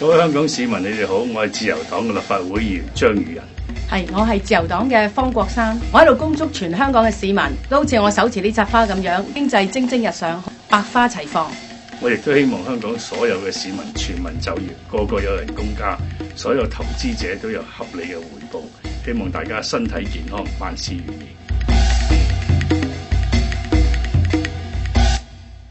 各位香港市民，你哋好！我係自由黨嘅立法會議員張宇人。係，我係自由黨嘅方國生。我喺度恭祝全香港嘅市民都好似我手持呢扎花咁樣，經濟蒸蒸日上，百花齊放。我亦都希望香港所有嘅市民全民就業，個個有人公家，所有投資者都有合理嘅回報。希望大家身體健康，萬事如意。